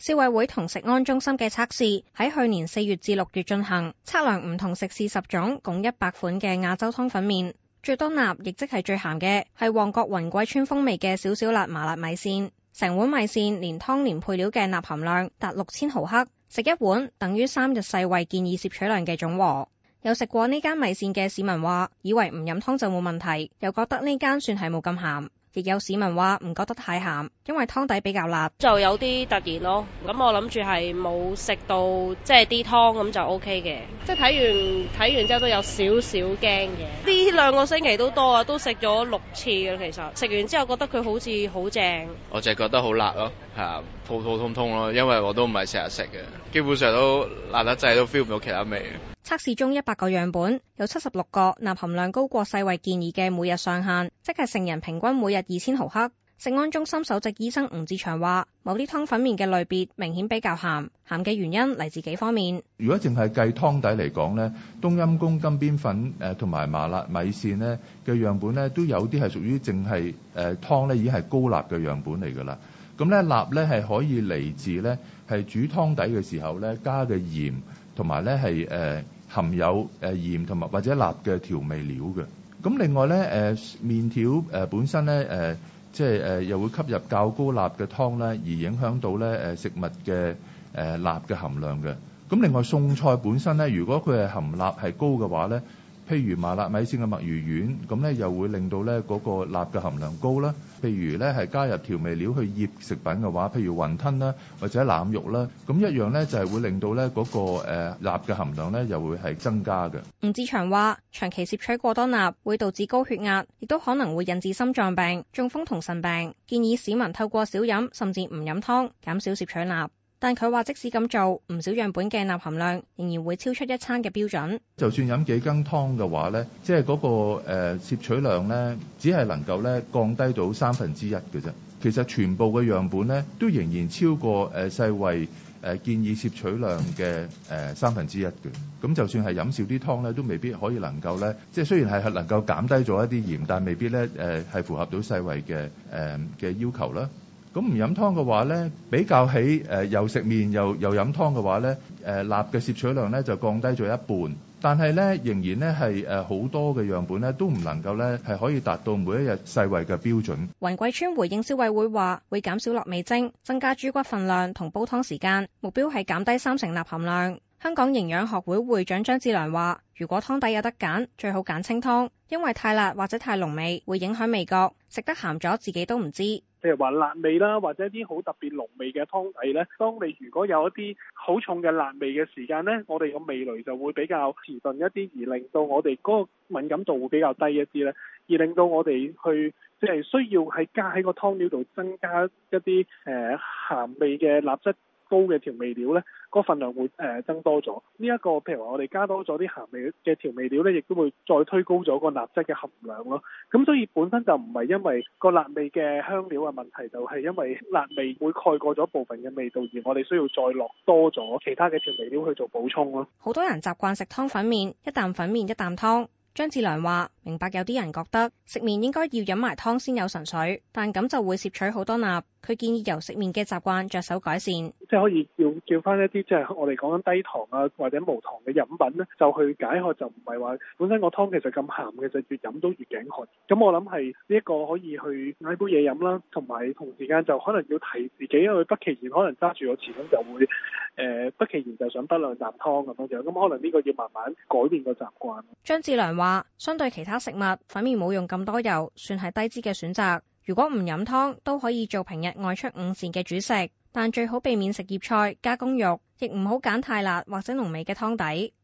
消委會同食安中心嘅測試喺去年四月至六月進行，測量唔同食肆十種共一百款嘅亞洲湯粉麵，最多鈉，亦即係最鹹嘅，係旺角雲貴川風味嘅小小辣麻辣米線，成碗米線連湯連配料嘅鈉含量達六千毫克，食一碗等於三日世衛建議攝取量嘅總和。有食過呢間米線嘅市民話，以為唔飲湯就冇問題，又覺得呢間算係冇咁鹹。亦有市民話唔覺得太鹹，因為湯底比較辣，就有啲突然咯。咁我諗住係冇食到即係啲湯咁就 OK 嘅。即係睇完睇完之後都有少少驚嘅。呢兩個星期都多啊，都食咗六次嘅其實。食完之後覺得佢好似好正，我淨係覺得好辣咯，嚇普普通通咯，因為我都唔係成日食嘅，基本上都辣得滯都 feel 唔到其他味。測試中一百個樣本有七十六個鈉含量高過世衛建議嘅每日上限，即係成人平均每日二千毫克。食安中心首席醫生吳志祥話，某啲湯粉麵嘅類別明顯比較鹹，鹹嘅原因嚟自幾方面。如果淨係計湯底嚟講呢，冬陰公、金邊粉誒同埋麻辣米線呢嘅樣本呢，都有啲係屬於淨係誒湯咧已經係高鈉嘅樣本嚟噶啦咁咧，辣咧係可以嚟自咧係煮湯底嘅時候咧加嘅鹽，同埋咧係誒。呃含有誒鹽同埋或者辣嘅調味料嘅，咁另外咧誒麵條誒本身咧誒、呃、即係誒、呃、又會吸入較高鈉嘅湯咧，而影響到咧誒、呃、食物嘅誒、呃、鈉嘅含量嘅，咁另外餸菜本身咧，如果佢係含鈉係高嘅話咧。譬如麻辣米線嘅墨魚丸，咁咧又會令到咧嗰個鈉嘅含量高啦。譬如咧係加入調味料去醃食品嘅話，譬如雲吞啦或者腩肉啦，咁一樣咧就係會令到咧嗰個誒鈉嘅含量咧又會係增加嘅。吳志祥話：長期攝取過多鈉會導致高血壓，亦都可能會引致心臟病、中風同腎病。建議市民透過少飲甚至唔飲湯，減少攝取鈉。但佢話，即使咁做，唔少樣本嘅鈉含量仍然會超出一餐嘅標準。就算飲幾羹湯嘅話咧，即係嗰個誒攝取量咧，只係能夠咧降低到三分之一嘅啫。其實全部嘅樣本咧，都仍然超過誒世衞誒建議攝取量嘅誒三分之一嘅。咁就算係飲少啲湯咧，都未必可以能夠咧，即係雖然係能夠減低咗一啲鹽，但未必咧誒係符合到世衞嘅誒嘅要求啦。咁唔飲湯嘅話咧，比較起誒、呃、又食麵又又飲湯嘅話咧，誒鈉嘅攝取量咧就降低咗一半，但係咧仍然咧係誒好多嘅樣本咧都唔能夠咧係可以達到每一日世衛嘅標準。雲貴村回應消委會話，會減少落味精，增加豬骨份量同煲湯時間，目標係減低三成鈉含量。香港營養學會會,會長張志良話：，如果湯底有得揀，最好揀清湯，因為太辣或者太濃味會影響味覺，食得鹹咗自己都唔知。譬如話辣味啦，或者一啲好特別濃味嘅湯底呢。當你如果有一啲好重嘅辣味嘅時間呢，我哋個味蕾就會比較遲鈍一啲，而令到我哋嗰個敏感度會比較低一啲呢，而令到我哋去即係、就是、需要係加喺個湯料度增加一啲誒鹹味嘅辣質。高嘅調味料咧，個份量會誒增多咗。呢一個譬如話，我哋加多咗啲鹹味嘅調味料咧，亦都會再推高咗個鈉質嘅含量咯。咁所以本身就唔係因為個辣味嘅香料嘅問題，就係因為辣味會蓋過咗部分嘅味道，而我哋需要再落多咗其他嘅調味料去做補充咯。好多人習慣食湯粉麵，一啖粉麵，一啖湯。張志良話：明白有啲人覺得食麵應該要飲埋湯先有神粹，但咁就會攝取好多鈉。佢建議由食麵嘅習慣着手改善，即係可以叫叫翻一啲即係我哋講緊低糖啊或者無糖嘅飲品咧，就去解渴就唔係話本身個湯其實咁鹹嘅，就越飲都越頸渴。咁我諗係呢一個可以去買杯嘢飲啦，同埋同時間就可能要提自己，因為不其然可能揸住個匙羹就會誒、呃、不其然就想多兩啖湯咁樣樣。咁可能呢個要慢慢改變個習慣。張志良話，相對其他食物，反而冇用咁多油，算係低脂嘅選擇。如果唔飲湯，都可以做平日外出午膳嘅主食，但最好避免食葉菜、加工肉，亦唔好揀太辣或者濃味嘅湯底。